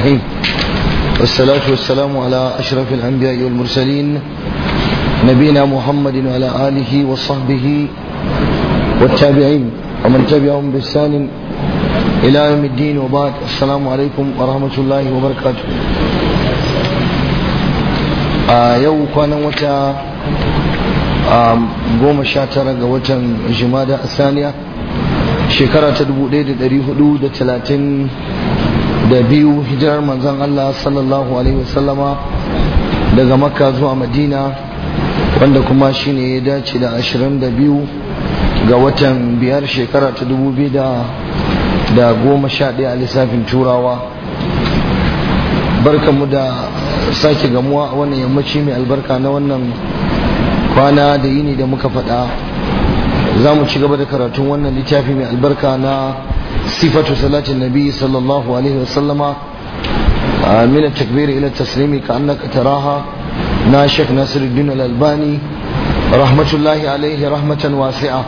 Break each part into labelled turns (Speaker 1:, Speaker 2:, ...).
Speaker 1: الرحيم والصلاة والسلام على أشرف الأنبياء والمرسلين نبينا محمد وعلى آله وصحبه والتابعين ومن تبعهم بإحسان إلى يوم الدين وبعد السلام عليكم ورحمة الله وبركاته yau kwanan wata goma sha tara ga watan jimada asaniya shekara ta 1430 da biyu hijirar manzan Allah sallallahu alaihi wasallama daga makka zuwa madina wanda kuma shi ne ya dace da ashirin da biyu ga watan biyar shekara ta dubu biyu da Goma sha daya a lissafin turawa barkanmu da sake gamuwa a wannan yammaci mai albarka na wannan kwana da yini da muka faɗa za mu ci gaba da karatun wannan littafi mai albarka na صفة صلاة النبي صلى الله عليه وسلم من التكبير إلى التسليم كأنك تراها ناشك ناصر الدين الألباني رحمة الله عليه رحمة واسعة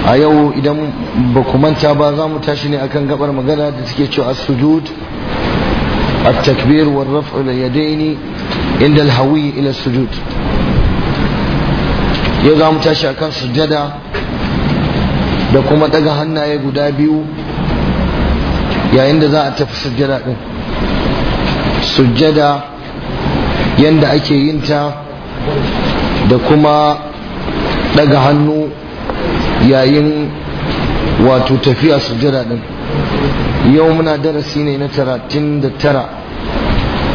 Speaker 1: a yau idan ba ku manta ba za mu tashi ne akan gabar magana da suke cewa as-sujud at inda ila sujud yau za mu tashi akan sujada da kuma daga hannaye guda biyu yayin da za a tafi sujjada din sujjada yanda ake yin ta da kuma daga hannu yayin wato tafiya sujjada din yau muna darasi ne na taratin da tara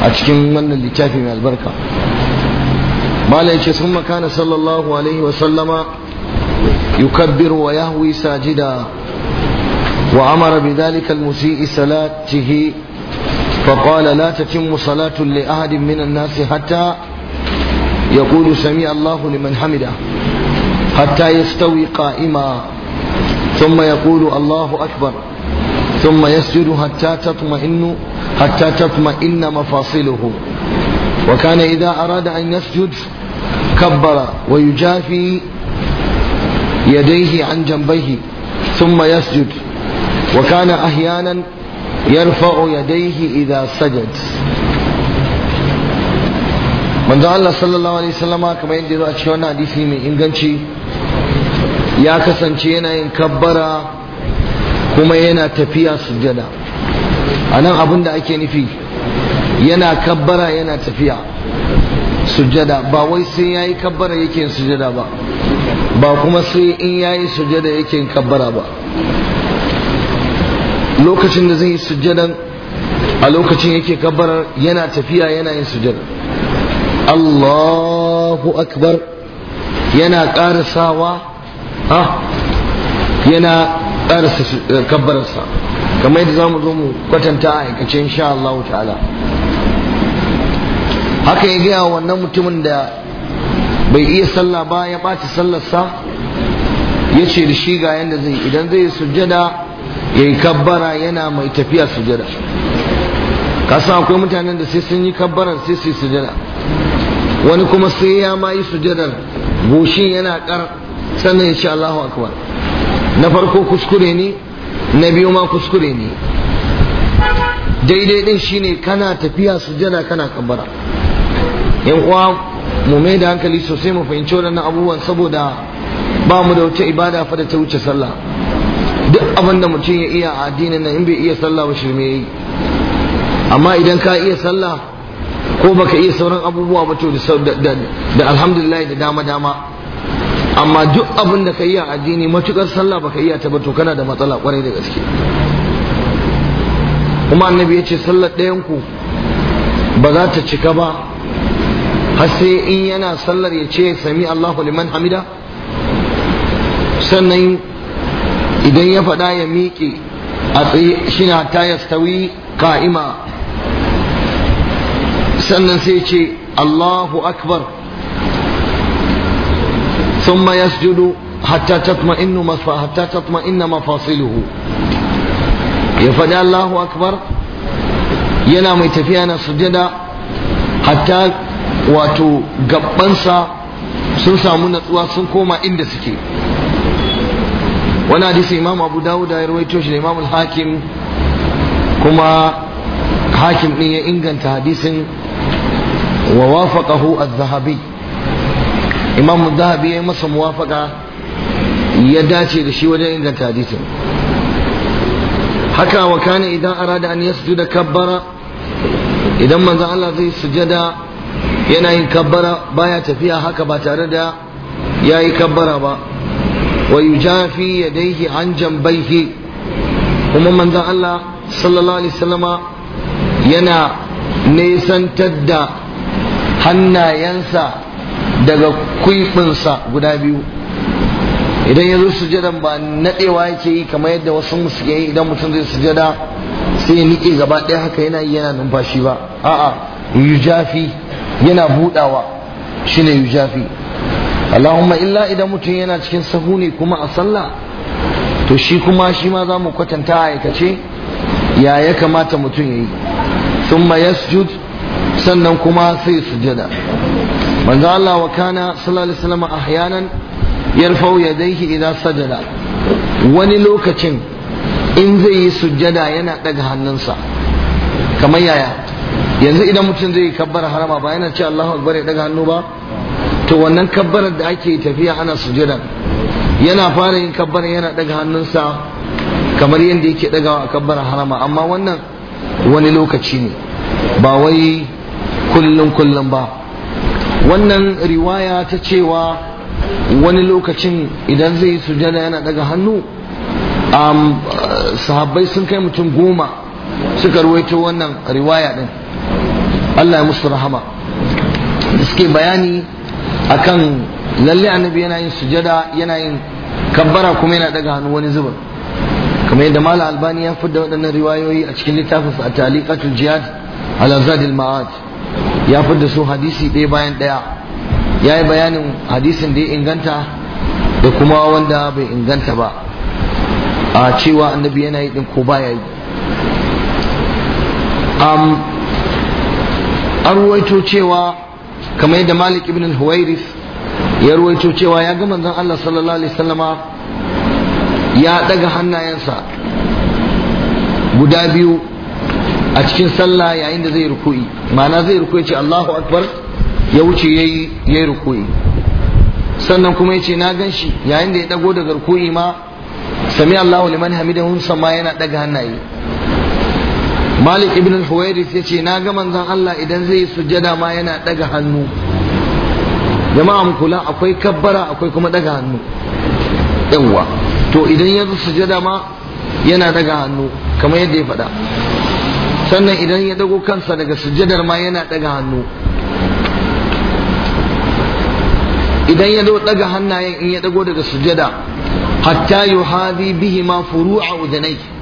Speaker 1: a cikin wannan littafi mai albarka mala ce sun makana sallallahu alaihi wa يكبر ويهوي ساجدا وأمر بذلك المسيء صلاته فقال لا تتم صلاة لأحد من الناس حتى يقول سمع الله لمن حمده حتى يستوي قائما ثم يقول الله أكبر ثم يسجد حتى تطمئن حتى تطمئن مفاصله وكان إذا أراد أن يسجد كبر ويجافي يديه عن جنبيه ثم يسجد وكان أحيانا يرفع يديه إذا سجد من ذا الله صلى الله عليه وسلم كما يندي ذو أتشونا حديثي من إنغانشي يا كسانشينا إن كبرا كما ينا تفيا سجدا أنا أبن دا أكيني فيه ينا كبرا ينا تفيا سجدا با ويسي يا كبرا يكين سجدا با ba kuma sai in yayi sujada yake kabbara ba lokacin da zai yi sujadan a lokacin yake kabbarar yana tafiya yana yin sujada Allahu akbar yana ƙarasawa ha yana ƙarasa eh, kabbararsa kamar yadda za mu zo mu kwatanta a aikace insha Allah ta'ala haka ya gaya wannan mutumin da bai iya sallah ba ya ɓaci sallarsa ya ce da shi ga yadda zai idan zai sujjada ya yi kabbara yana mai tafiya sujjada kasan akwai mutanen da sai sun yi kabbaran sai su yi sujjada wani kuma sai ya ma yi sujjadar goshin yana kar sannan ya ce Allahu akbar na farko kuskure ne na biyu ma kuskure ne daidai din shine kana tafiya sujjada kana kabbara yan uwa mu mai da hankali sosai mu fahimci waɗannan abubuwan saboda ba mu da wata ibada fa da ta wuce sallah duk abin da mutum ya iya a addinin nan in bai iya sallah ba shi shirme yi amma idan ka iya sallah ko baka iya sauran abubuwa ba to da alhamdulillah da dama dama amma duk abin da ka iya a addini matukar sallah baka iya ta ba to kana da matsala kwarai da gaske kuma annabi ya ce sallar ɗayan ku ba za ta cika ba har sai in yana sallar ya ce sami Allahu liman hamida sannan idan ya faɗa ya miƙe a tsaye shi na ta ka'ima sannan sai ce Allahu akbar ثم يسجد حتى تطمئن مف... حتى تطمئن مفاصله يفدى الله اكبر ينام تفيانا سجدا hatta. wato gabansa sun samu natsuwa sun koma inda suke wani hadisi imam abu dawud ya rawaito shi da imam hakim kuma hakim din ya inganta hadisin wa wafaqahu az-zahabi imam az-zahabi ya masa muwafaqa ya dace da shi wajen inganta hadisin haka wa kana idan arada an yasjuda kabbara idan manzon Allah zai sujada yana yin kabbara baya tafiya haka ba tare da ya yi kabbara ba wa yujafi daihi an jambaihi kuma manzan Allah sallallahu alaihi wasallama yana nesantar da hannayensa daga kwifinsa guda biyu idan ya zo sujadan ba nadewa yake yi kamar yadda wasu musu yi idan mutum zai sujada sai ya nike gaba ɗaya haka yana yi yana numfashi ba a'a yujafi yana budawa shine yujafi Allahumma illa idan mutum yana cikin sahu ne kuma a sallah to shi kuma shi ma za mu kwatanta aikace ya ya kamata mutum ya yi thumma yasjud sannan kuma sai sujada manzo Allah wa kana sallallahu alaihi wasallam ahyanan yarfau yadayhi idan sajada wani lokacin in zai yi sujada yana daga hannunsa kamar yaya yanzu idan mutum zai kabbara harama ba yana ce Allahu akbar ya daga hannu ba to wannan kabbarar da ake tafiya ana sujudan yana fara yin kabbara yana daga hannunsa kamar yadda yake daga a kabbara harama amma wannan wani lokaci ne ba wai kullum kullum ba wannan riwaya ta cewa wani lokacin idan zai yi sujada yana daga hannu sahabbai sun kai mutum goma suka ruwaito wannan riwaya din Allah ya musu rahama da suke bayani akan lalle annabi yana yin sujada yana yin kabbara kuma yana daga hannu wani zuba kamar yadda mala albani ya fidda waɗannan riwayoyi a cikin littafinsa a taliqatul jihad ala zadil ma'ad ya fidda su hadisi ɗaya bayan ɗaya ya yi bayanin hadisin da ya inganta da kuma wanda bai inganta ba a cewa annabi yana yi ɗin ko baya yi an ruwaito cewa kamar yadda malik ibn al-huwairis ya ruwaito cewa ya ga manzon Allah sallallahu alaihi wasallama ya daga hannayensa guda biyu a cikin sallah yayin da zai ruku'i ma'ana zai ruku'i ce Allahu akbar ya wuce yayi yayi ruku'i sannan kuma yace na ganshi yayin da ya dago daga ruku'i ma sami Allahu liman hamidahu sama yana daga hannaye malik ibn al-huwairis ya ce na ga manzan Allah idan zai yi sujjada ma yana daga hannu jama'a mu kula akwai kabbara akwai kuma daga hannu yawwa to idan ya zo sujjada ma yana daga hannu kamar yadda ya faɗa sannan idan ya dago kansa daga sujjadar ma yana daga hannu idan ya zo daga hannayen in ya dago daga sujjada hatta yuhadi bihi ma furu'a udanai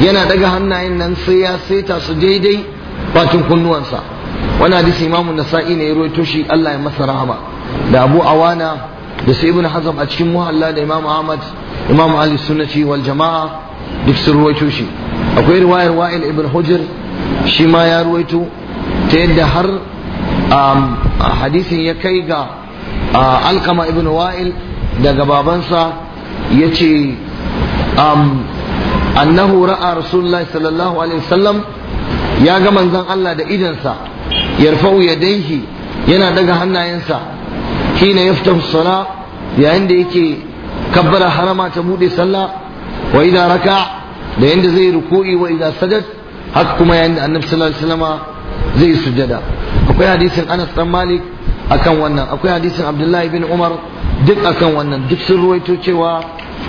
Speaker 1: yana daga hannayen nan sai ya saita su daidai bakin kunnuwansa wani hadisi imamu nasa'i ne ya ruwaito shi Allah ya masa rahama da abu awana da su ibn hazm a cikin muhalla da imamu ahmad imamu ali sunnati wal jama'a duk sun ruwaito shi akwai riwayar wa'il ibn hujr shi ma ya ruwaito ta yadda har um, hadisin ya kai ga uh, alkama ibn wa'il daga babansa ya ce um, annahu ra'a rasulullahi sallallahu alaihi wasallam ya ga manzon Allah da idansa yarfa'u yadaihi yana daga hannayensa hina yaftahu sala yayin da yake kabbara harama ta bude sallah wa idan raka da yanda zai ruku'i wa idan sajad haka kuma yayin da annabi sallallahu alaihi wasallama zai sujjada akwai hadisin Anas dan Malik akan wannan akwai hadisin Abdullahi bin Umar duk akan wannan duk sun ruwaito cewa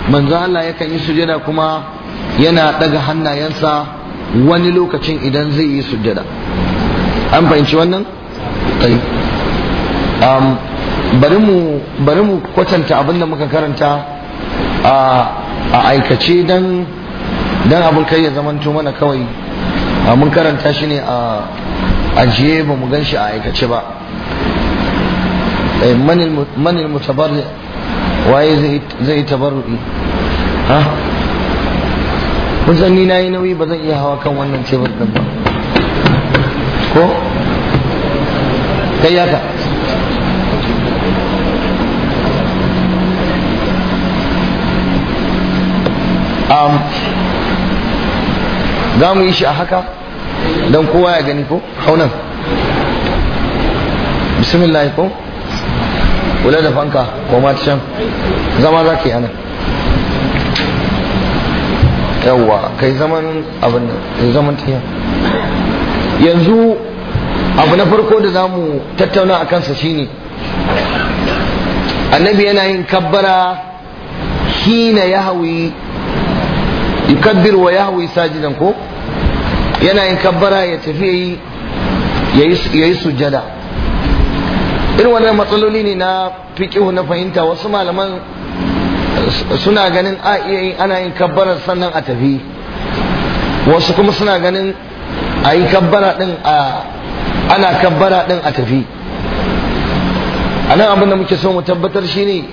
Speaker 1: manzo Allah yakan yi sujjada kuma yana daga hannayensa wani lokacin idan zai yi sujjada an fahimci wannan bari mu kwatanta abinda muka karanta a aikace don abin kai ya zamanto mana kawai mun karanta shi ne a ajiye ba mu gan shi a aikace ba eh, manil mutabar waye zai tabar ha kun san ni nayi nauyi ba zan iya hawa kan wannan tebur din ba ko kai yaka um, za mu yi shi a haka don kowa ya gani ko haunan bismillah ko kula da fanka ko ma zama za ka yi anan yawwa kai zaman abin nan zaman tafiya yanzu abu na farko da za mu tattauna a kansa shine annabi yana yin kabbara hina ya hawi yukabbir wa ya hawi sajidan ko yana yin kabbara ya tafi ya yi sujada irin wannan matsaloli ne na fiƙihu na fahimta wasu malaman suna ganin a iya yin ana yin kabbara sannan a tafi wasu kuma suna ganin a yi kabbara din a ana kabbara din a tafi a nan abin da muke so mu tabbatar shi shine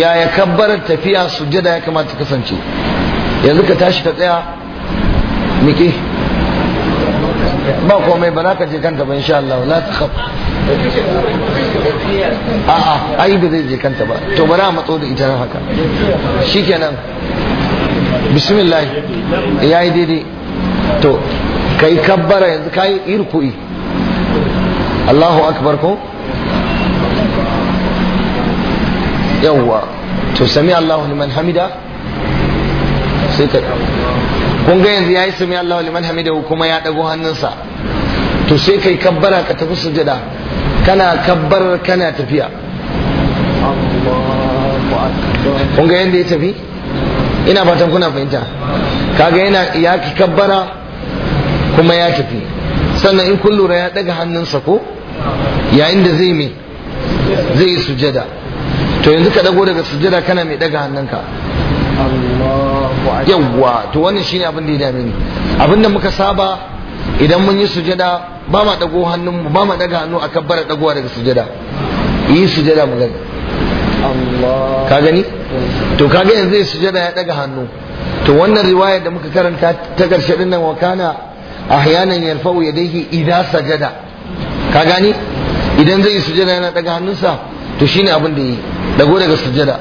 Speaker 1: yaya kabbarar tafiya sujjada ya kamata kasance yanzu ka tashi ta tsaya miki ba komai ba za ka je kanta ba insha Allah la ta khaf a a ai ba zai je kanta ba to bari a matso da ita haka shikenan bismillah yayi daidai to kai kabbara yanzu kai irku'i Allahu akbar ko yawa to sami Allahu liman hamida sai ka kun ga yanzu yayi sami Allahu liman hamidahu kuma ya dago hannunsa to sai kai kabbara ka tafi sujada kana kabbar kana tafiya kun ga yanda ya tafi ina fatan kuna fahimta kaga yana ya ki kabbara kuma ya tafi sannan in kun lura ya daga hannunsa ko yayin da zai me zai yi sujada to yanzu ka dago daga sujada kana mai daga hannunka Allah yawwa to wannan shine abin da ya dame ni abin da muka saba idan mun yi sujada ba ma dago hannun mu ba ma daga hannu a kabbara dagowa daga sujada yi sujada mu gani ka gani to kaga yanzu yi sujada ya daga hannu to wannan riwaya da muka karanta ta karshe din nan wakana ahyanan yarfa'u yadayhi idza sajada ka gani idan zai yi sujada yana daga hannunsa to shine abin da yi dago daga sujada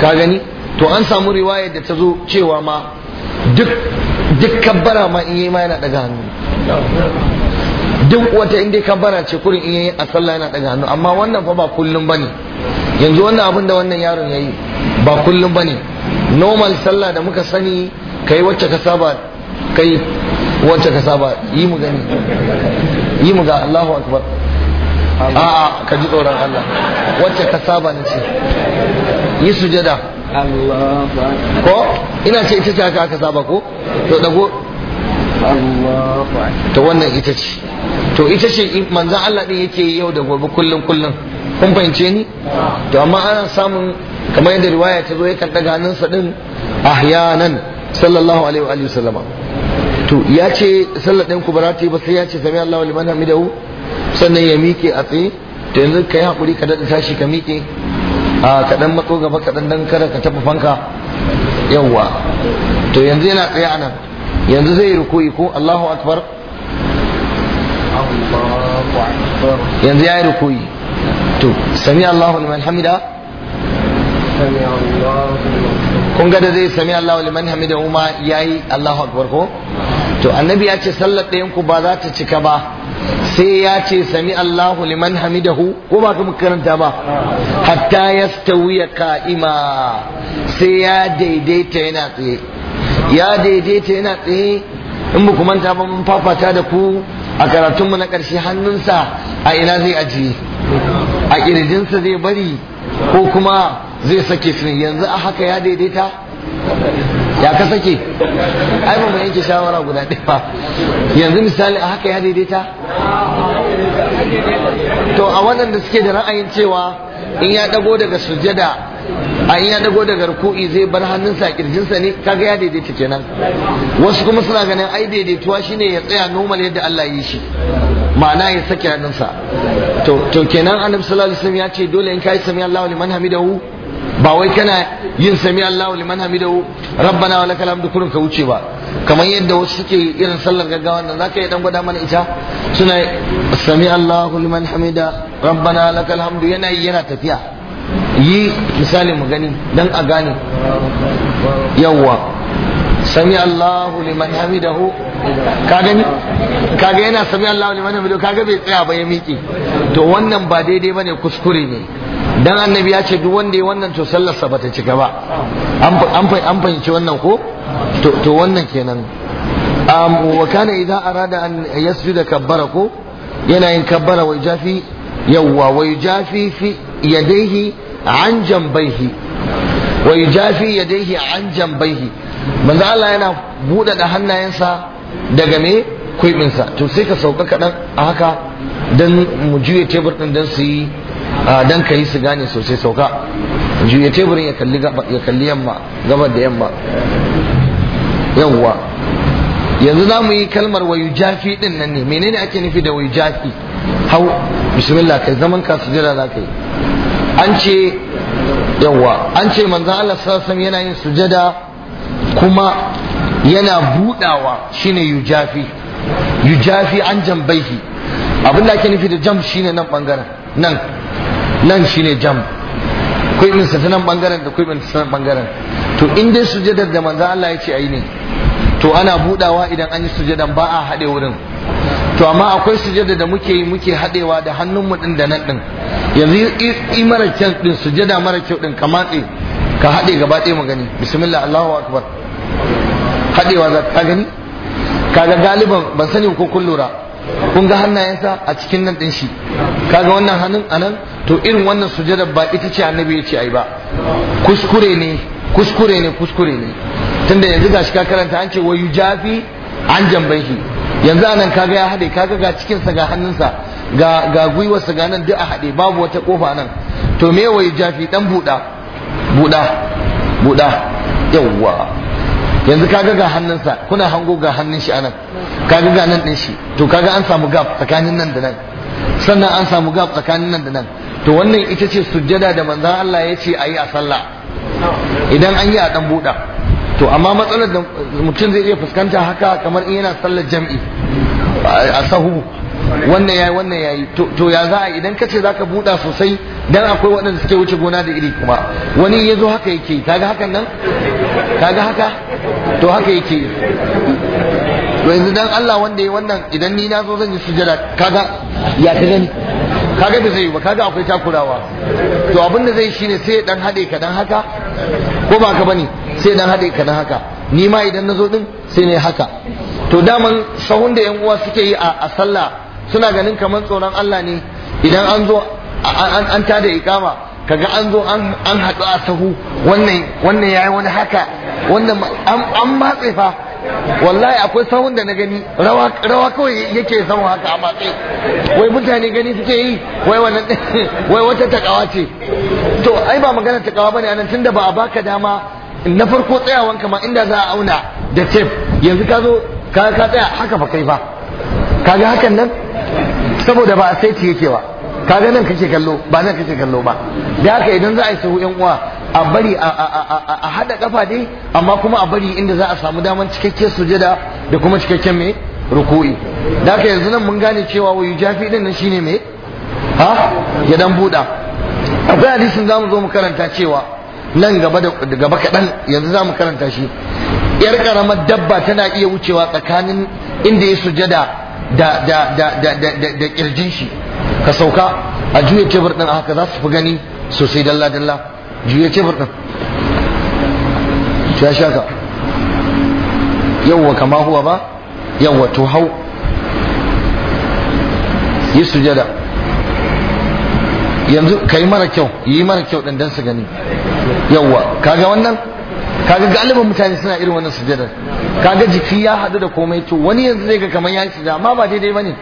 Speaker 1: ka gani to an samu riwaya da ta zo cewa ma duk kabbara ma in yi ma yana daga hannu duk wata inda kabbara ce kurin in yi a sallah yana daga hannu amma wannan fa ba kullum bane yanzu wannan abin da wannan yaron yayi ba kullum bane normal sallah da muka sani kai wacce ka saba kai wacce ka saba yi mu gani yi mu ga Allahu akbar a'a ka ji tsoron Allah wacce ka saba ne ce yi sujada ko ina ce ita ce haka aka saba ko to dago to wannan ita ce to ita ce manzan Allah din yake yau da gobe kullum kullum kun fahimce ni to amma ana samun kamar yadda riwaya ta zo kan daga hannunsa din ahyanan sallallahu alaihi wa sallama to ya ce sallar din ku barati ba sai ya ce sami Allahu liman hamidahu sannan ya mike a tsaye to yanzu ka yi haƙuri ka dada tashi ka mike a kaɗan mako gaba kaɗan don kada ka taɓa fanka yawwa to yanzu yana tsaye a nan yanzu zai rukuyi ko Allahu akbar yanzu ya yi rukuyi to sami Allahu liman hamida kun ga da zai sami Allahu liman hamida kuma yayi Allahu akbar ko to annabi ya ce sallar ɗayan ku ba za ta cika ba sai ya ce sami Allahu liman hamidahu ko ba ka karanta ba hatta stawiya ka'ima sai ya daidaita yana tsaye ya daidaita yana tsaye in ba kuma manta ba mun fafata da ku a karatunmu na ƙarshe hannunsa a ina zai ajiye a ƙirjinsa zai bari ko kuma zai sake su yanzu a haka ya daidaita ya ka sake ai ba mu yanke shawara guda ɗaya ba yanzu misali a haka ya daidaita to a da suke da ra'ayin cewa in ya ɗago daga sujada a in ya ɗago daga ruku'i zai bar hannunsa a kirjinsa ne kaga ya daidaita kenan wasu kuma suna ganin ai daidaituwa shine ya tsaya normal yadda Allah ya yi shi ma'ana ya sake hannunsa to kenan annabi sallallahu alaihi wasallam ya ce dole in kai sami Allahu liman hamidahu ba wai kana yin sami Allahu liman hamidahu rabbana wa lakal hamdu kullu ka wuce ba kamar yadda wasu suke irin sallar gaggawa nan zaka yi dan gwada mana ita suna sami Allahu liman hamida rabbana lakal hamdu yana yana tafiya yi misali mu gani dan a gane yawwa sami Allahu liman hamidahu ka gani kaga yana sami Allahu liman hamidahu kaga bai tsaya ba ya miƙe to wannan ba daidai bane kuskure ne dan annabi ya ce duk wanda ya wannan to sallarsa bata cika ba an fahimci wannan ko to wannan kenan wa kana idza arada an yasjuda kabbara ko yana yin kabbara wa jafi yawwa wa jafi fi yadayhi an jambaihi wa jafi yadayhi an jambaihi manzo Allah yana buɗe da hannayensa daga me kuibinsa to sai ka sauka kaɗan a haka don mu juya tebur ɗin don su yi Ah, dan ka yi su gane sosai sauka juya teburin ya kalli ya kalli yamma gabar da yamma yawwa yanzu za mu yi kalmar wayu jafi din nan ne menene ake nufi da wayu jafi hau bismillah kai zaman ka sujada za ka yi an ce yawwa an ce manzan Allah sassan alaihi yana yin sujada kuma yana budawa shine yujafi yujafi an jambaihi abinda ake nufi da jam shine nan bangaren nan nan shine jam kuibinsa ta nan bangaren da kuibinsa ta nan bangaren to in dai sujadar da manzo Allah ya ce ayi ne to ana budawa idan an yi sujadan ba a haɗe wurin to amma akwai sujada da muke yi muke haɗewa da hannunmu ɗin da nan ɗin yanzu i mara kyau ɗin sujada mara kyau ɗin ka ka haɗe gaba ɗaya mu gani bismillah allahu akbar haɗewa za ka gani kaga galiban ban sani ko kun lura kun ga hannayensa a cikin nan ɗin shi kaga wannan hannun anan to irin wannan sujada ba ita ce annabi ya ce ai ba kuskure ne kuskure ne kuskure ne tunda yanzu gashi ka karanta an ce wayu jafi an shi. yanzu anan kaga ya haɗe kaga ga cikinsa ga hannunsa ga ga gwiwarsa ga nan duk a haɗe babu wata kofa nan to me wayu jafi dan buɗa buɗa buɗa yawwa yanzu kaga ga hannunsa kuna hango ga hannun shi anan kaga ga nan din shi to kaga an samu gap tsakanin nan da nan sannan an samu gap tsakanin nan da nan to wannan ita ce sujjada da manzan Allah ya ce a yi a sallah idan an yi a dan buɗa to amma matsalar da mutum zai iya fuskanta haka kamar in yana sallar jam'i a sahu wannan yayi wannan yayi to ya za a idan kace zaka buɗa sosai dan akwai waɗanda suke wuce gona da iri kuma wani ya zo haka yake kaga hakan nan kaga haka to haka yake to yanzu dan Allah wanda ya wannan idan ni na zo zan yi sujada kaga ya ka gani kaga da zai ba kaga akwai takurawa to abinda da zai shine sai dan hade ka dan haka ko ba ka bane sai dan hade ka dan haka ni ma idan nazo din sai ne haka to daman sahun da yan uwa suke yi a sallah suna ganin kamar tsoron Allah ne idan an zo an tada ikama kaga an zo an haɗu a sahu wannan wannan yayi wani haka wannan an matse fa wallahi akwai sahun da na gani rawa rawa kawai yake sahun haka a matsayi wai mutane gani suke yi wai wannan wai wata takawa ce to ai ba magana takawa bane anan tunda ba a baka dama na farko tsayawan kama inda za a auna da tef yanzu ka zo ka ka tsaya haka ba kai ba kaga hakan nan saboda ba a saiti yake ba kaga nan kake kallo ba nan kake kallo ba da haka idan za a yi sahu yan uwa a bari a hada kafa dai amma kuma a bari inda za a samu daman cikakken sujada da kuma cikakken mai ruku'i da haka yanzu nan mun gane cewa wayu jafi din nan shine mai ha ya dan buda akwai hadisin zamu zo mu karanta cewa nan gaba da gaba kadan yanzu zamu karanta shi yar karamar dabba tana iya wucewa tsakanin inda ya sujada da da da da da kirjin shi ka sauka a juya tebur din haka za su fi gani sosai dalla dalla juya kebir ɗin ya sha ka yawwa kama huwa ba yawwa to hau yi sujada yanzu ka yi mara kyau yi mara kyau ɗin don su gani yawwa kaga wannan kaga galibin mutane suna irin wannan sujadar kaga jiki ya haɗu da komai to wani yanzu zai ga kamar ya ci amma ba daidai ba ne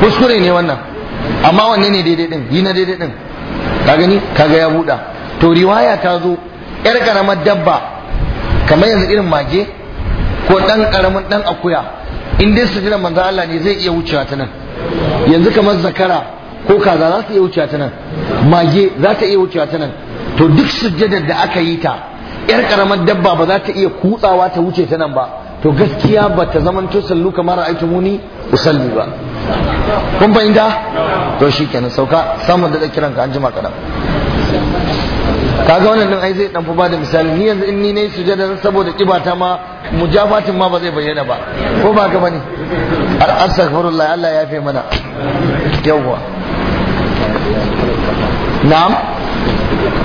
Speaker 1: kuskure ne wannan amma wanne ne daidai ɗin yi na daidai ɗin ka gani kaga ya buɗa to riwaya ta zo yar karamar dabba kamar yanzu irin mage ko dan karamin dan akuya in dai jira manzo Allah ne zai iya wucewa ta nan yanzu kamar zakara ko kaza za su iya wucewa ta nan mage za ta iya wucewa ta nan to duk sujjadar da aka yi ta yar karamar dabba ba za ta iya kutsawa ta wuce ta nan ba to gaskiya ba ta zaman to sallu kamar aitu muni usalli ba kun fahimta to shikenan sauka samun da kiran ka an jima kadan kaga wannan din ai zai dan ba da misali ni yanzu in ni nayi sujada saboda kibata ma mujafatin ma ba zai bayyana ba ko ba ka bane astaghfirullah Allah ya yafe mana yawwa na'am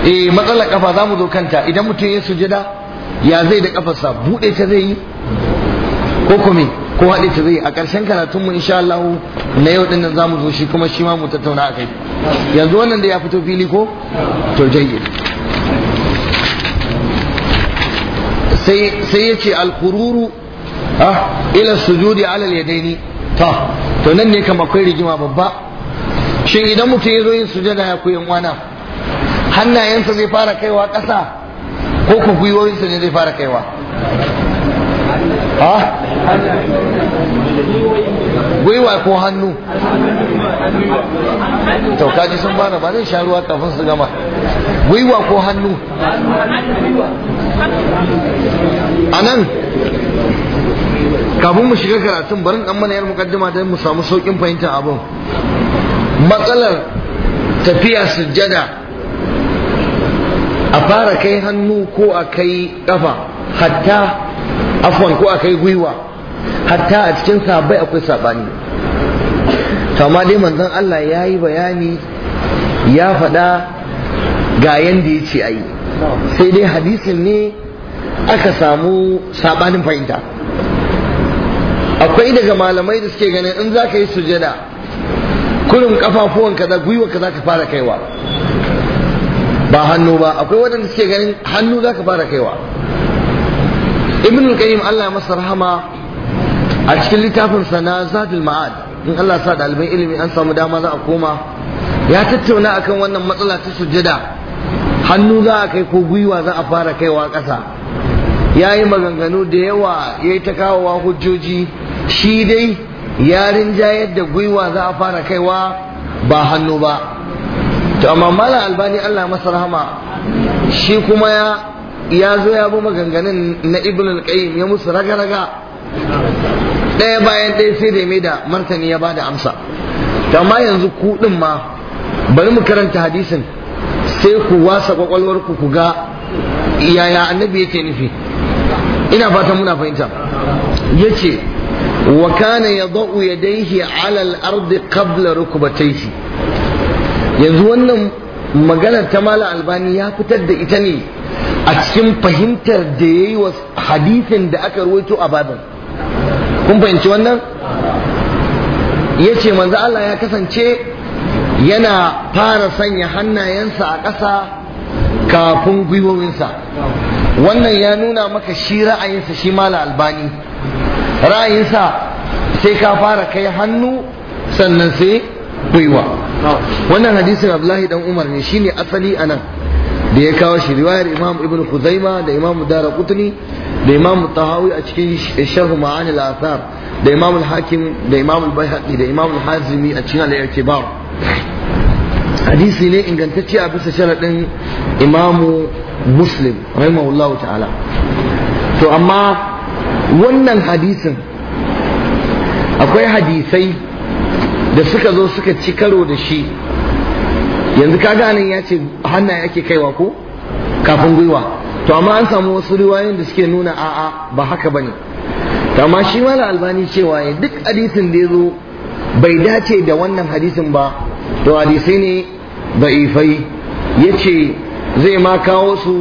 Speaker 1: eh matsalar kafa zamu zo kanta idan mutum ya sujada ya zai da kafarsa bude ta zai yi ko kuma ko haɗe ta zai a karshen karatun mu insha Allah na yau din nan zamu zo shi kuma shi ma mu tattauna akai yanzu wannan da ya fito fili ko to jayyid sai ya ce alkururu ah, ila sujudi ala yadaini ta to nan ne kamar akwai rigima babba shin idan mutum ya zo yin sujada ya koyan wana hannayensa zai fara kaiwa ƙasa ko ku gwiwoyinsa ne zai fara kaiwa ha gwiwa ko hannu to kaji sun bana ba zai sha ruwa kafin su gama gwiwa ko hannu anan kafin mu shiga karatun barin dan mana yar mukaddima don mu samu saukin fahimtar abun. matsalar tafiya sujjada a fara kai hannu ko a kai kafa hatta afwan ko a kai gwiwa hatta a cikin sabai akwai sabani amma dai manzon Allah yayi bayani ya faɗa ga yanda yace ce sai dai hadisin ne aka samu sabanin fahimta akwai daga malamai da suke ganin in za ka yi sujada kurin kafafuwan kaza gwiwanka za ka fara kaiwa ba hannu ba akwai waɗanda suke ganin hannu za ka fara kaiwa ibn al-qayyim Allah ya masa rahama a cikin littafin sana zadul ma'ad in Allah sa ɗaliban ilimi an samu dama za a koma ya tattauna akan wannan matsala ta sujada hannu za a kai ko gwiwa za a fara kaiwa ƙasa ya yi maganganu da yawa ya yi ta kawowa hujjoji shi dai yarin jayar da gwiwa za a fara kaiwa ba hannu ba to amma mala albani allah masa rahama shi kuma ya zo ya bi maganganun na ibn al ya musu raga-raga ɗaya bayan ɗaya sai da mai da martani ya ba da amsa amma yanzu kuɗin ma bari mu karanta hadisin sai ku wasa kwakwalwar ku ga yaya annabi yake nufi ina fatan muna fahimta yace wa kana yadau yadayhi ala al-ardi qabla rukbatayhi yanzu wannan maganar ta mala albani ya fitar da ita ne a cikin fahimtar da yayi wa hadisin da aka ruwaito a babin kun fahimci wannan yace manzo Allah ya kasance yana fara sanya hannayensa a ƙasa kafin gwiwowinsa wannan ya nuna maka shi ra'ayinsa shi mala albani ra'ayinsa sai ka fara kai hannu sannan sai gwiwa wannan hadisin abdullahi dan umar ne shine asali a da ya kawo shi riwayar imam ibn khuzaima da imam dara kutni da imam tahawi a cikin sharh ma'ani al-athar da imam al-hakim da imam al-baihaqi da imam al-hazimi a cikin al-i'tibar hadisi ne ingantacce a bisa sharaɗin imamu muslim rahimahullahu ta'ala to amma wannan hadisin akwai hadisai da suka zo suka ci karo da shi yanzu ka ganin ya ce hannaye ake kaiwa ko kafin gwiwa to amma an samu wasu riwayoyin da suke nuna a'a ba haka bane to amma shi mala albani cewa duk hadisin da ya zo bai dace da wannan hadisin ba to hadisi ne da'ifai ya ce zai ma kawo su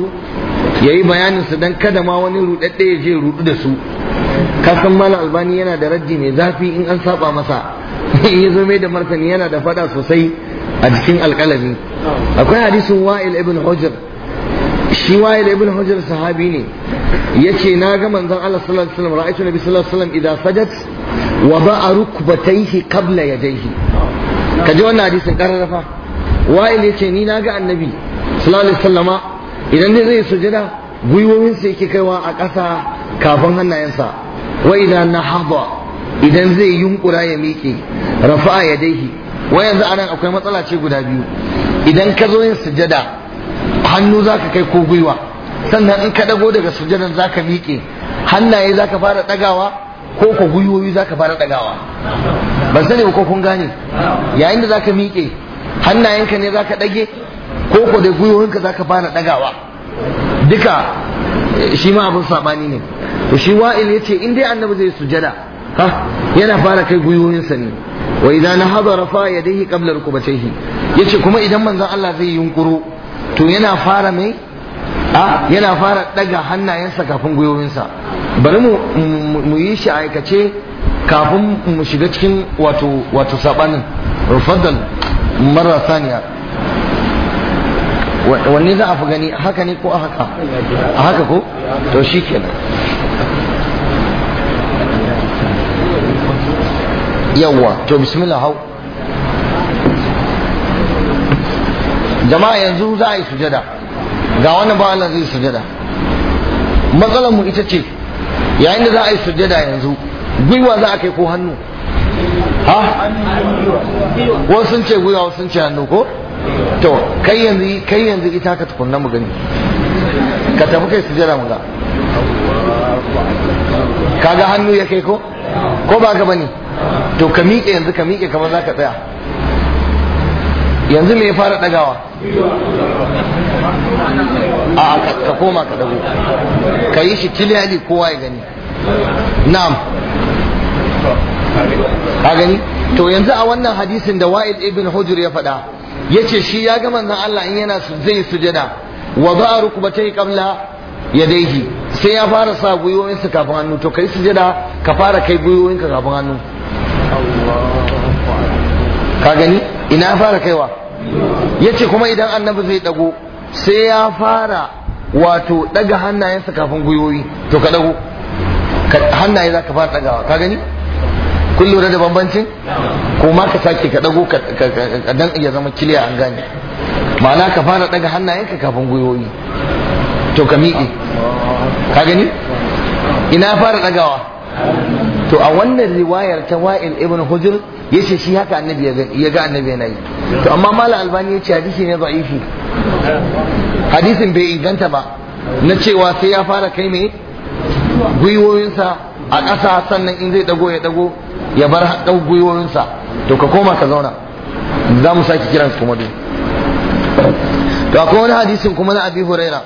Speaker 1: ya yi bayaninsu don kada ma wani rudadde ya je rudu da su kasan mala albani yana da raddi mai zafi in an saba masa in yi zo mai da martani yana da fada sosai a cikin alƙalami. akwai hadisin wa'il ibn hujr shi wa'il ibn hujr sahabi ne yace na ga manzon Allah sallallahu alaihi wasallam ra'aytu nabi sallallahu alaihi wasallam idza sajad wa ba'a rukbatayhi qabla yadayhi ka ji wannan hadisin kararrafa wa'il ce ni na ga annabi sallallahu alaihi wasallama idan dai zai sujada gwiwowinsa yake kaiwa a ƙasa kafin hannayensa wa idan nahada idan zai yunkura ya miƙe rafa'a yadaihi wa yanzu anan akwai matsala ce guda biyu idan ka zo yin sujada hannu zaka kai ko gwiwa sannan in ka dago daga sujadan zaka miƙe hannaye zaka fara dagawa ko ko gwiwoyi zaka fara dagawa ban sani ko kun gane yayin da zaka miƙe hannayenka ne zaka dage ko ko da gwiwoyinka zaka fara dagawa duka shi ma abin sabani ne to shi wa'il yace in dai annabi zai sujada ha yana fara kai gwiwoyinsa ne wa idan nahada rafa yadihi qabla rukbatayhi yace kuma idan manzon Allah zai yunkuro to yana fara mai a yana fara daga hannayensa kafin gwiwoyinsa bari mu yi shi aikace kafin mu shiga cikin wato sabanin rufaddal mara saniya wanne za a fi gani haka ne ko a haka a haka ko to shi kenan yawwa to bismillah hau jama'a yanzu za a yi sujada ga wani ba Allah zai sujada matsalar mu ita ce yayin da za a yi sujada yanzu gwiwa za a kai ko hannu ha wasu sun ce gwiwa wasu sun ce hannu ko to kai yanzu kai yanzu ita ka tukunna mu gani ka tafi kai sujada mu ga kaga hannu ya kai ko ko ba ka bane to ka miƙe yanzu ka miƙe kamar za ka tsaya yanzu me ya fara ɗagawa a ka koma ka dago ka yi shi kiliyali kowa ya gani na'am ka gani to yanzu a wannan hadisin da wa'id ibn hujr ya faɗa yace shi ya ga manzon Allah in yana zai sujada wa ba'a rukbatai qabla yadayhi sai ya fara sa gwiwoyinsa kafin hannu to kai sujada ka fara kai gwiwoyinka kafin hannu ka gani ina fara kaiwa yace kuma idan annabi zai dago sai ya fara wato daga hannayensa kafin gwiwoyi to ka dago hannaye za ka fara dagawa ka gani kun lura da bambancin ko ma ka sake ka dago ka dan iya zama kiliya an gane ma'ana ka fara daga hannayenka kafin gwiwoyi to ka miƙe ka gani ina fara dagawa to a wannan riwayar ta wa'il ibn hujr yace shi haka annabi ya ga annabi yana yi to amma mala albani yace hadisi ne da'ifi hadisin bai inganta ba na cewa sai ya fara kai me gwiwoyinsa a ƙasa sannan in zai dago ya dago ya bar haɗau gwiwoyinsa to ka koma ka zauna za mu sake kiransu kuma duk to akwai wani hadisin kuma na abi huraira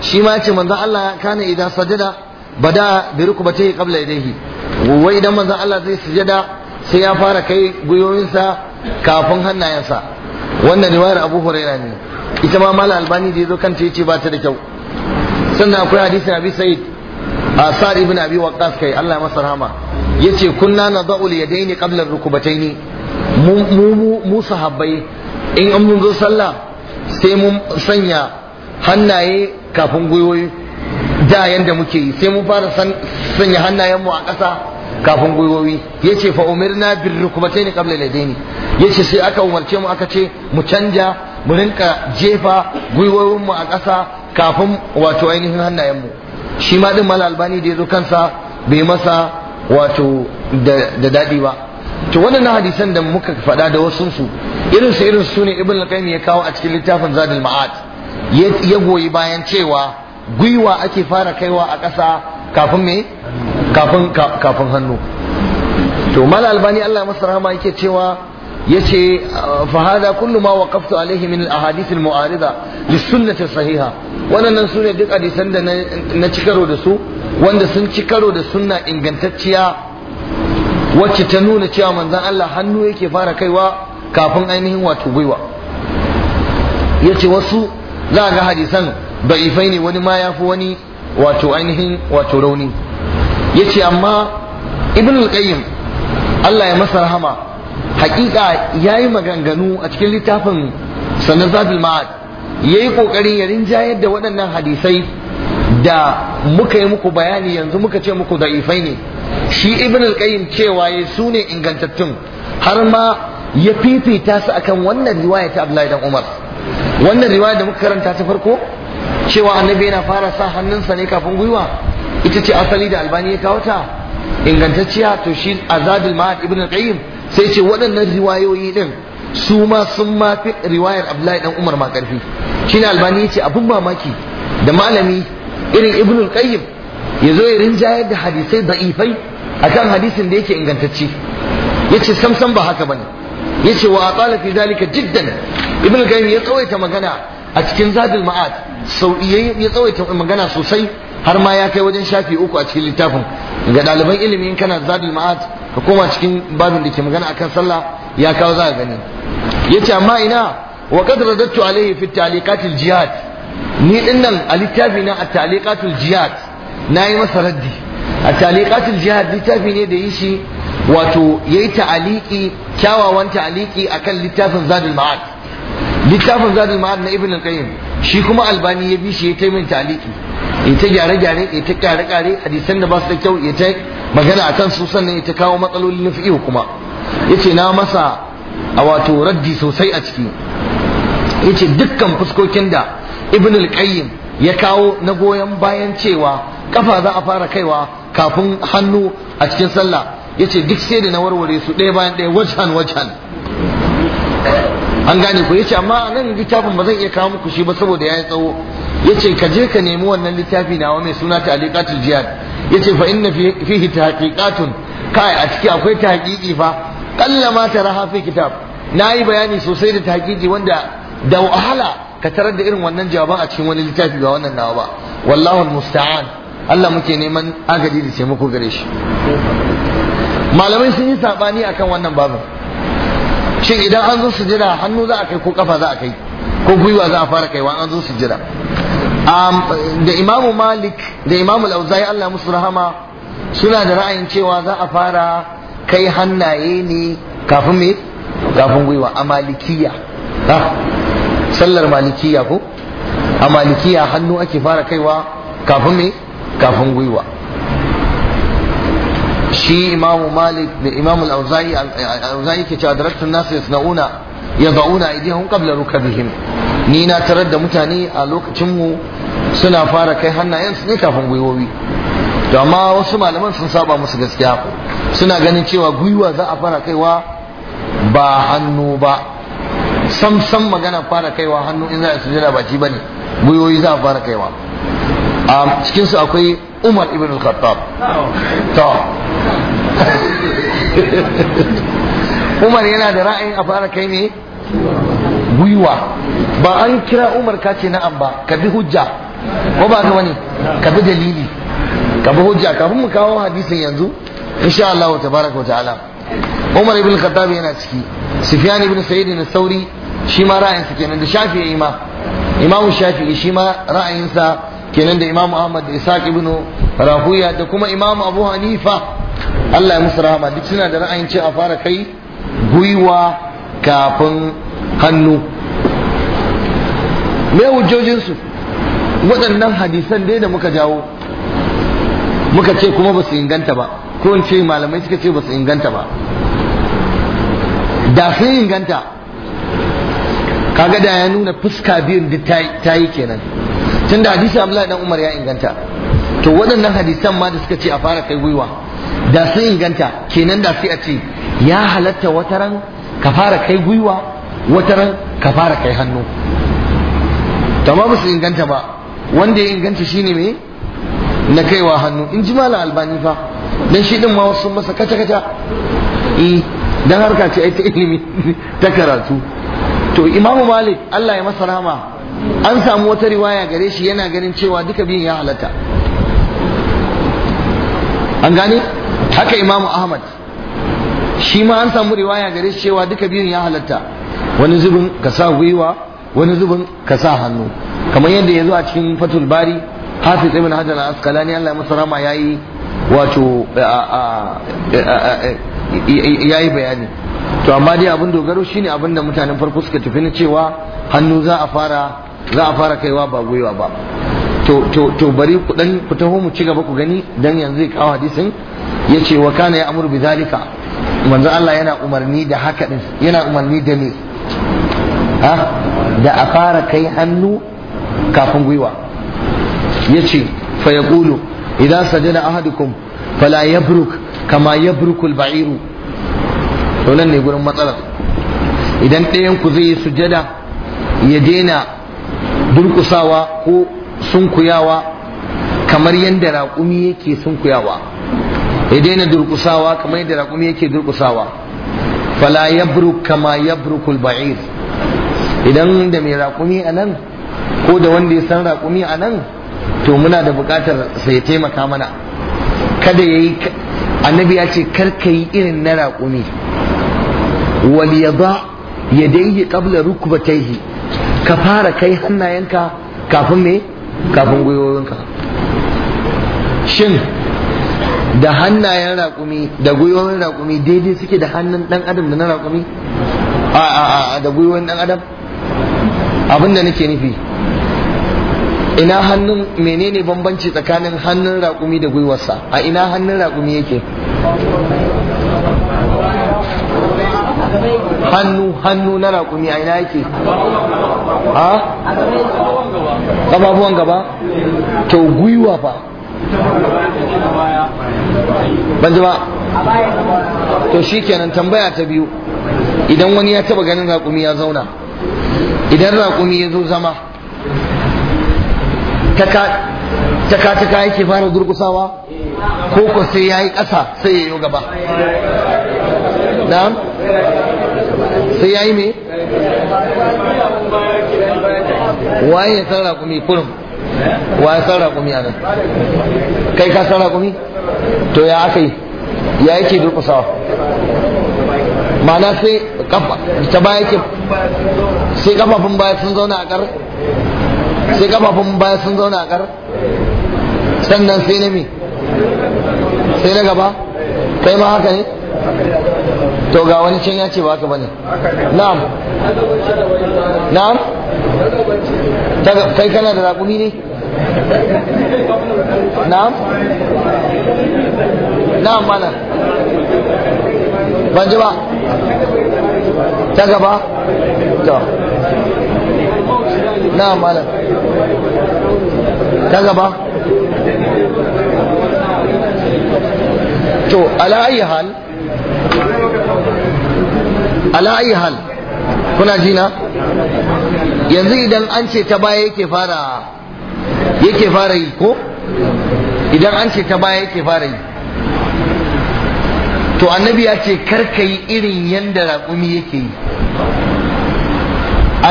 Speaker 1: shi ma ce manzan Allah ya kana idan sajada bada bi rukbatihi qabla yadayhi wai idan manzon Allah zai sujada sai ya fara kai gwiwoyinsa kafin hannayensa wannan riwayar abu huraira ne ita ma mala albani da yazo kanta yace ba ta da kyau sannan akwai hadisin abi sa'id a ibn abi waqqas kai Allah masa rahama yace kunna nadau yadaini qabla rukubataini mu mu mu sahabbai in an mun zo sallah sai mun sanya hannaye kafin gwiwoyi da yanda muke yi sai mun fara sanya hannayen mu a ƙasa kafin gwiwoyi yace fa umirna bil rukubataini qabla yadaini yace sai aka umarce mu aka ce mu canja mu rinka jefa mu a ƙasa kafin wato ainihin hannayen mu shi ma din mal albani da ya zo kansa bai masa wato da daɗi ba to waɗannan hadisan da muka faɗa da wasu su irin su irin su ne ibn al-qayyim ya kawo a cikin littafin zadul ma'ad ya goyi bayan cewa gwiwa ake fara kaiwa a ƙasa kafin me kafin kafin hannu to mal albani Allah masa rahama yake cewa yace fa hada kullu ma waqaftu alaihi min al-ahadith al-mu'arida lis-sunnah sahiha waɗannan su ne duk hadisan da na ci karo da su wanda sun ci karo da sunna ingantacciya wacce ta nuna cewa manzan Allah hannu yake fara kaiwa kafin ainihin wato gwiwa Yace wasu za ga hadisan ba'ifai ne wani ma ya wani wato ainihin wato rauni Yace amma ibn al-qayyim Allah ya masa rahama hakika yayi maganganu a cikin littafin sannan zabil ma'ad ya yi ƙoƙarin ya rinjayar da waɗannan hadisai da muka yi muku bayani yanzu muka ce muku da'ifai ne shi ibn al-qayyim cewa ya su ne ingantattun har ma ya fifita su akan wannan riwaya ta Abdullahi dan Umar wannan riwaya da muka karanta ta farko cewa annabi yana fara sa hannunsa ne kafin gwiwa ita ce asali da albani ya kawo ta ingantacciya to shi azadul ma'ad ibn al-qayyim sai ce waɗannan riwayoyi din Suma sun ma fi riwayar abdullahi dan umar ma karfi shine albani yace abun mamaki da malami irin ibnul qayyim ya zo ya rinjayar da hadisai da'ifai akan hadisin da yake ingantacce yace samsam ba haka bane yace wa atala fi zalika jiddan ibnul qayyim ya tsawaita magana a cikin zadul ma'ad sau iya ya tsawaita magana sosai har ma ya kai wajen shafi uku a cikin littafin ga ɗaliban ilimi in kana zadul ma'ad ka koma cikin babin da ke magana akan sallah ya kawo za gani yace amma ina wa qad radattu alayhi fi taliqatil jihad ni dinnan a littafi na at taliqatul jihad nayi masa raddi A taliqatul jihad littafi ne da yi shi wato yi ta'aliki kyawawan ta'aliki akan littafin zadul ma'ad littafin zadul ma'ad na ibn al-qayyim shi kuma albani ya bi shi ya taimin ta'aliki ya ta gyare gyare ya ta kare kare hadisan da ba su da kyau ya ta magana akan su sannan ya ta kawo matsalolin fiqh kuma yace na masa a wato raddi sosai a ciki yace dukkan fuskokin da ibn al-qayyim ya kawo na goyon bayan cewa kafa za a fara kaiwa kafin hannu a cikin sallah yace duk sai da na warware su ɗaya bayan ɗaya wajhan wajhan an gane ku yace amma nan littafin ba zan iya kawo muku shi ba saboda yayi tsawo yace ka je ka nemi wannan littafi nawa mai suna ta'liqatul jihad yace fa inna fihi tahqiqatun kai a ciki akwai tahqiqi fa kalla ma taraha fi kitab nayi bayani sosai da takiji wanda da wahala ka tarar da irin wannan jawaban a cikin wani littafi ba wannan nawa ba wallahu musta'an Allah muke neman agadi da taimako gare shi malamai sun yi sabani akan wannan babin shin idan an zo sujira hannu za a kai ko kafa za a kai ko gwiwa za a fara wa an zo sujada da imam malik da al lauzai Allah musu rahama suna da ra'ayin cewa za a fara kai hannaye ne kafin me kafin gwiwa a malikiya sallar malikiya ko a malikiya hannu ake fara kaiwa kafin me kafin gwiwa shi imamu malik da imamu al-auza'i al-auza'i ke cewa daraktu nasu yasna'una hun kabla ruka rukabihim ni na tarar da mutane a lokacin mu suna fara kai hannayen su ne kafin gwiwowi to amma wasu malaman sun saba musu gaskiya suna ganin cewa gwiwa za a fara kaiwa ba hannu ba sam sam magana fara kaiwa hannu in za a su ba ci bane gwiwoyi za a fara kaiwa a cikin su akwai Umar ibn al-Khattab to Umar yana da ra'ayin a fara kai ne gwiwa ba an kira Umar ka ce na'am ba ka bi hujja ko ba ka wani ka bi dalili kafin hujja kafin mu kawo hadisin yanzu insha Allah tabaraka ta'ala Umar ibn Khattab yana ciki Sufyan ibn Sa'id ibn Sauri shi ma ra'ayinsa kenan da Shafi'i ma Imam Shafi'i shi ma ra'ayinsa kenan da Imam Ahmad da Isaac ibn Rahuya da kuma Imam Abu Hanifa Allah ya musu rahama duk suna da ra'ayin cewa fara kai gwiwa kafin hannu me hujjojinsu waɗannan hadisan dai da muka jawo muka ce kuma ba su inganta ba ko in ce malamai suka ce ba su inganta ba da sun inganta kaga da ya nuna fuska biyun duk ta yi kenan tun da hadisi abdullahi dan umar ya inganta to waɗannan hadisan ma da suka ce a fara kai gwiwa da sun inganta kenan da sai a ce ya halatta wataran ka fara kai gwiwa wataran ka fara kai hannu tamam su inganta ba wanda ya inganta shine me na kaiwa hannu in ji mala albani fa dan shi din ma wasu masa kaca kaca eh dan harka ce ai ta ilimi ta karatu to imamu malik Allah ya masa rahama an samu wata riwaya gare shi yana ganin cewa duka biyun ya halatta an gane haka imamu ahmad shi ma an samu riwaya gare shi cewa duka biyun ya halatta wani zubin ka sa gwiwa wani zubin ka sa hannu kamar yadda ya zo a cikin fatul bari hafiz ibn hajar askala. asqalani Allah masa rama yi wato yi bayani to amma dai abin dogaro shine abin da mutanen farko suka tafi na cewa hannu za a fara za a fara kaiwa ba gwiwa ba to to bari ku dan ku taho mu ci gaba ku gani dan yanzu ya kawo hadisin yace wa kana ya amuru bi zalika manzo Allah yana umarni da haka din yana umarni da ne da a fara kai hannu kafin gwiwa yace fa idan idza sajada ahadukum fala yabruk kama ya burukul bairu to nan ne gurin matsalar idan ɗayan ku zai yi sujada ya daina durkusawa ko sunkuyawa kamar yadda raƙumi yake sunkuyawa ya daina durkusawa kamar yadda raƙumi yake durkusawa fala yabruk kama yabrukul ba'ir idan da mai raƙumi a nan ko da wanda ya san raƙumi a nan to muna da buƙatar sai taimaka mana kada ya yi annabi ya ce karka yi irin na raƙumi wal yada yadayhi ƙabla rukbatayhi ka fara kai hannayenka kafin me kafin gwiwoyinka shin da hannayen raƙumi da gwiwoyin raƙumi daidai suke da hannun ɗan adam da na raƙumi a a a da gwiwoyin ɗan adam abin da nake nufi ina hannun menene bambanci tsakanin hannun raƙumi da gwiwarsa a ina hannun raƙumi yake hannu hannu na raƙumi a ina yake a ƙafafuwan gaba to gwiwa fa ban ji ba to shi kenan tambaya ta biyu idan wani ya taba ganin raƙumi ya zauna idan raƙumi ya zo zama taka-taka yake fara durkusawa ko ko sai ya yi ƙasa sai ya yi gaba na'am sai ya yi me waye ya san raƙumi kurum waye tsara raƙumi a nan kai ka san raƙumi to ya aka yi ya yake durkusawa mana sai kafa ta baya ke sai kafafin baya sun zauna a ƙar sai kafafun baya sun zauna a kar sannan sai na mi sai na gaba kai ma haka ne to ga wani can ya ce ba ka bane na'am na'am kai kana da raƙumi ne na'am na'am mana ban ji ba ta gaba to na malam ta gaba to ala'ayi hal ala'ayi hal kuna jina yanzu idan an ce ta baya yake fara yake fara yi ko idan an ce ta baya yake fara yi to annabi ya ce karka yi irin yadda raƙumi yake yi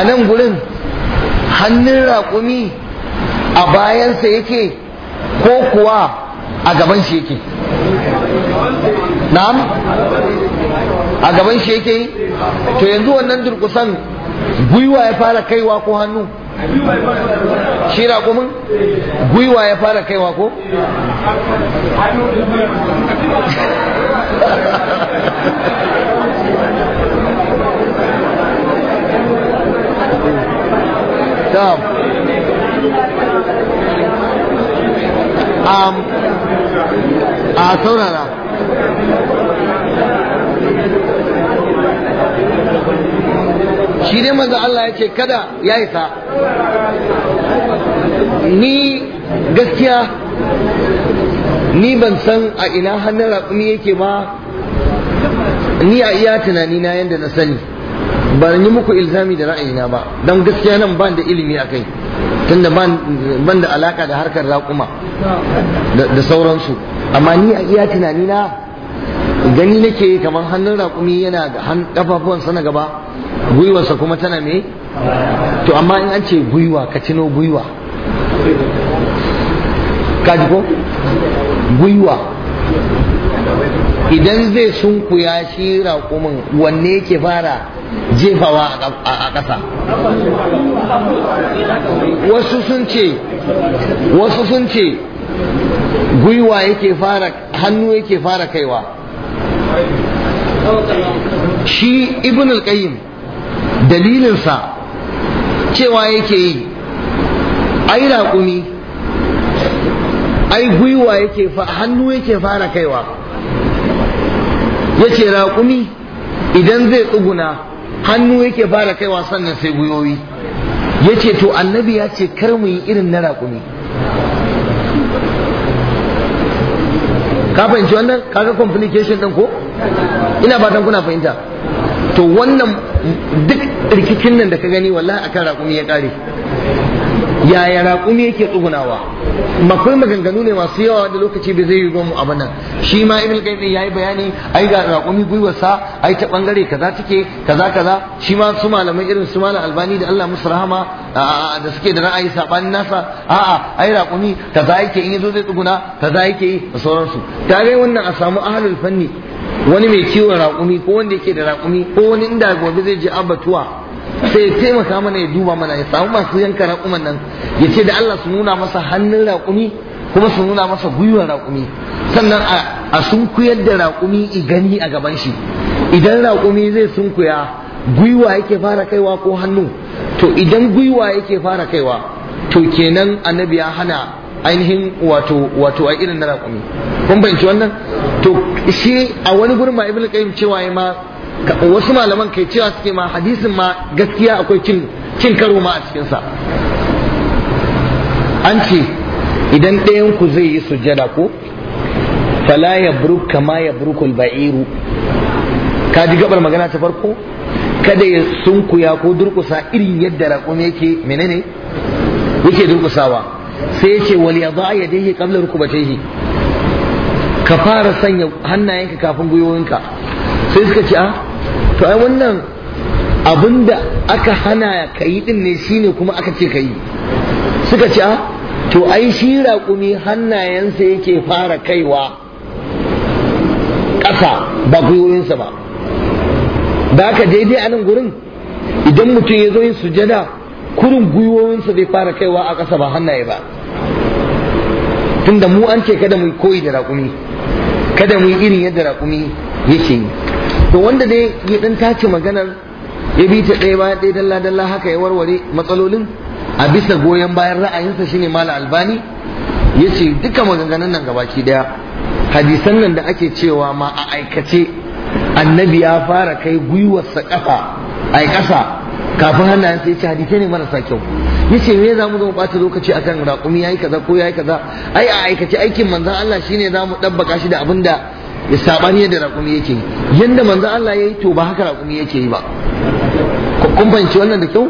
Speaker 1: a nan gurin hannun raƙumi a bayansa yake ko kuwa a gaban shi yake na'am a gaban shi yake to yanzu wannan durkusan gwiwa ya fara kaiwa ko hannu shi raƙumin gwiwa ya fara kaiwa ko uh, um, so a saurara shi dai manzo Allah ya ce kada ya isa ni gaskiya ni ban san a ina hannun raƙumi yake ba ni a iya na yadda na sani ba yi muku ilzami da ra'ayina ba don gaskiya nan ban da ilimi a kai tunda ban da alaka da harkar raƙuma da sauransu amma ni a iya tunani na gani nake kamar hannun raƙumi yana da kafafuwansa sana gaba gwiwarsa kuma tana mai. to amma in an ce gwiwa ka cino gwiwa ji ko gwiwa idan zai sunkuya shi raƙumin wanne yake fara jefawa a ƙasa wasu sun ce wasu sun ce gwiwa yake fara hannu yake fara kaiwa shi ibn al-qayyim dalilinsa cewa yake yi ai raƙumi ai gwiwa yake hannu yake fara kaiwa yace raƙumi idan zai tsuguna hannu yake fara wasan sannan sai guyoyi yace to annabi ya ce kar mu yi irin na raƙumi ka fahimci wannan kaga complication ɗin ko ina fatan kuna fahimta to wannan duk rikicin nan da ka gani wallahi akan raƙumi ya ƙare yaya raƙumi yake tsugunawa makwai maganganu ne masu yawa da lokaci bai zai yi mu a nan shi ma ibn ya yi bayani ai ga raƙumi gwiwarsa ai ta bangare kaza take kaza kaza shi ma su malamai irin su malam albani da Allah musu rahama da suke da ra'ayi sabanin nasa a'a ai raƙumi kaza yake in yazo zai tsuguna kaza yake yi da sauransu tare wannan a samu ahlul fanni wani mai kiwon raƙumi ko wanda yake da raƙumi ko wani inda gobe zai je abatuwa sai ya taimaka mana ya duba mana ya samu masu yanka raƙuman nan ya ce da Allah su nuna masa hannun raƙumi kuma su nuna masa gwiwar raƙumi sannan a sunkuyar da raƙumi i gani a gaban shi idan raƙumi zai sunkuya gwiwa yake fara kaiwa ko hannu to idan gwiwa yake fara kaiwa to kenan annabi ya hana ainihin wato wato a irin na raƙumi kun bayanci wannan to shi a wani gurin ma ibn qayyim cewa ma wasu malaman kai cewa suke ma hadisin ma gaskiya akwai cin karo ma a cikinsa an ce idan ɗayan ku zai yi sujada ko fala ya buruk kama ya burukul ba'iru ka ji gabar magana ta farko kada ya sunkuya ko durkusa irin yadda raƙon yake menene yake durkusawa sai ya ce wal ya za ya dai kabla rukubatehi ka fara sanya hannayenka kafin gwiwoyinka sai suka ce a ah, to ai wannan abinda aka hana ka yi din ne shine kuma aka ce ka yi suka ce a ah, to ai shi raƙumi hannayensa yake fara kaiwa ƙasa ba gwiwoyinsa ba da aka daidai a nan gurin idan mutum ya zo yin sujada kurin gwiwoyinsa bai fara kaiwa a ƙasa ba hannaye ba tunda mu an ce kada mu koyi da raƙumi kada mu yi irin yadda raƙumi yake yi to wanda dai ya dan tace maganar ya bi ta ɗaya bayan ɗaya dalla dalla haka ya warware matsalolin a bisa goyon bayan ra'ayinsa shine mala albani ya ce duka maganganun nan gabaki daya hadisan nan da ake cewa ma a aikace annabi ya fara kai gwiwarsa kafa ai kasa kafin hannayensa sai ya ce hadisai ne marasa kyau ya ce me za mu zama ɓata lokaci akan raƙumi ya yi kaza ko ya yi kaza ai a aikace aikin manzan Allah shine za mu ɗabbaka shi da abin da ya sabani yadda raƙumi yake yi yadda manzo Allah ya yi to ba haka raƙumi yake yi ba kun fahimci wannan da kyau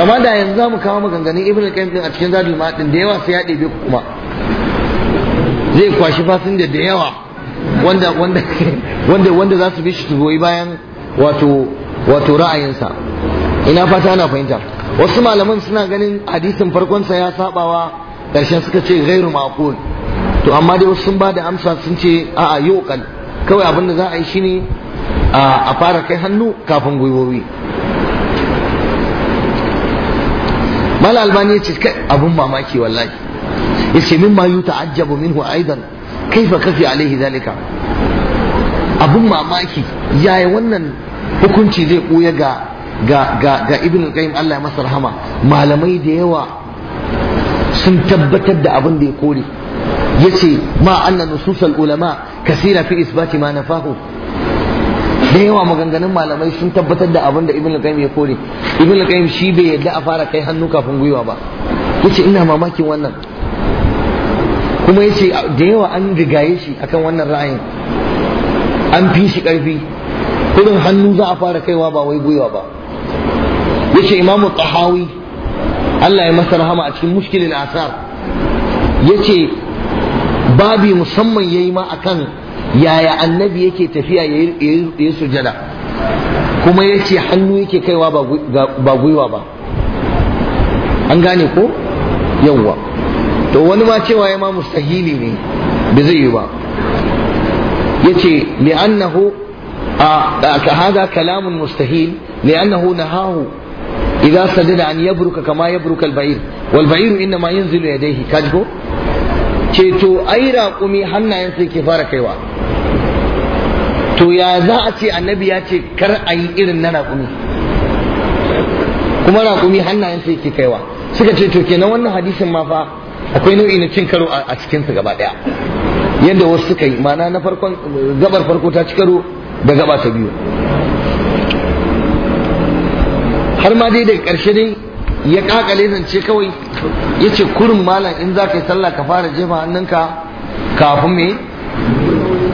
Speaker 1: amma da yanzu za mu kawo maganganun ibn al-qayyim a cikin zadul ma'adin da yawa sai ya ɗebe kuma zai kwashi fasinja da yawa wanda za su bi shi goyi bayan wato ra'ayinsa ina fata ana fahimta wasu malaman suna ganin hadisin farkonsa ya sabawa ƙarshen suka ce gairu maqul to amma dai wasu sun ba da amsa sun ce a'a yuqal kawai abin da za a yi shi ne a fara kai hannu kafin gwiwowi mala albani ya ce kai abin mamaki wallahi ya ce min mimma yu ta'ajjabu minhu aidan fa kafi alaihi zalika Abin mamaki yaya wannan hukunci zai koya ga ga ga ga ibn qayyim Allah ya masa rahama malamai da yawa sun tabbatar da abin da ya kore yace ma anna nususul ulama kasira fi isbati ma nafahu da yawa maganganun malamai sun tabbatar da abin da ibn qayyim ya kore ibn qayyim shi bai yadda a fara kai hannu kafin gwiwa ba yace ina mamakin wannan kuma yace da yawa an rigaye shi akan wannan ra'ayin an fi shi karfi kudin hannu za a fara kaiwa ba wai gwiwa ba yace imamu tahawi Allah ya masa rahama a cikin mushkilin asar yace babi musamman ya yi ma akan yaya annabi yake tafiya ya yi sujada kuma ya ce hannu yake kaiwa ba gwiwa ba an gane ko yawwa to wani ma cewa ya ma mustahili ne ba zai yi ba ya ce li'annahu a haza kalamun mustahil li'annahu hahu idan sadada an yabruka kama yabruka al-ba'ir wal ma inma yanzilu yadayhi dai Hikajgo? ce to ai raƙumi hannayen sai ke fara kaiwa to ya za a ce annabi ya ce kar a yi irin na raƙumi kuma raƙumi hannayen sai ke kaiwa suka ce to kenan wannan hadisin ma fa akwai nau'i na cin karo a cikinsu gaba ɗaya yadda wasu suka yi mana na farkon gabar farko ta ci karo da gaba ta biyu har ma dai daga karshe dai ya kakale ce kawai ya ce kurin malam in za ka yi sallah ka fara jefa hannunka kafin me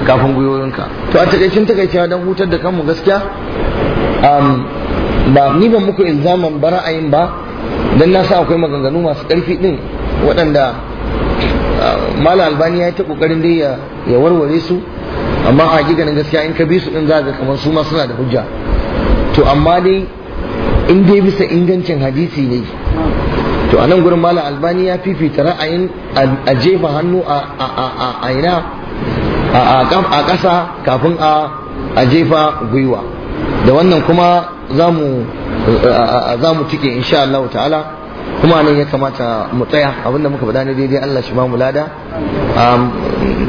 Speaker 1: kafin gwiwoyinka to a takaicin takaicin don hutar da kanmu gaskiya um, ba ni ban muku ilzaman ba ra'ayin ba don na sa akwai maganganu masu ƙarfi ɗin waɗanda uh, malam albani ya yi ta ƙoƙarin dai ya warware su amma a ganin gaskiya in ka bi su din za ga kamar su ma suna da hujja to amma dai in dai bisa ingancin hadisi ne to anan gurin mala albani ya fifita ra'ayin a jefa hannu a aina a ƙasa kafin a jefa gwiwa da wannan kuma za mu cike insha Allah ta'ala kuma nan ya kamata mu tsaya abinda muka faɗa ne daidai Allah shi ba mu lada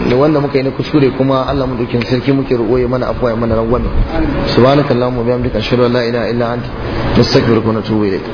Speaker 1: da wanda muka yi na kuskure kuma Allah mu dukin sarki muke roƙo ya mana afwa ya mana rangwame subhanaka allahumma bihamdika ashhadu an la ilaha illa anta nastaghfiruka wa natubu ilayk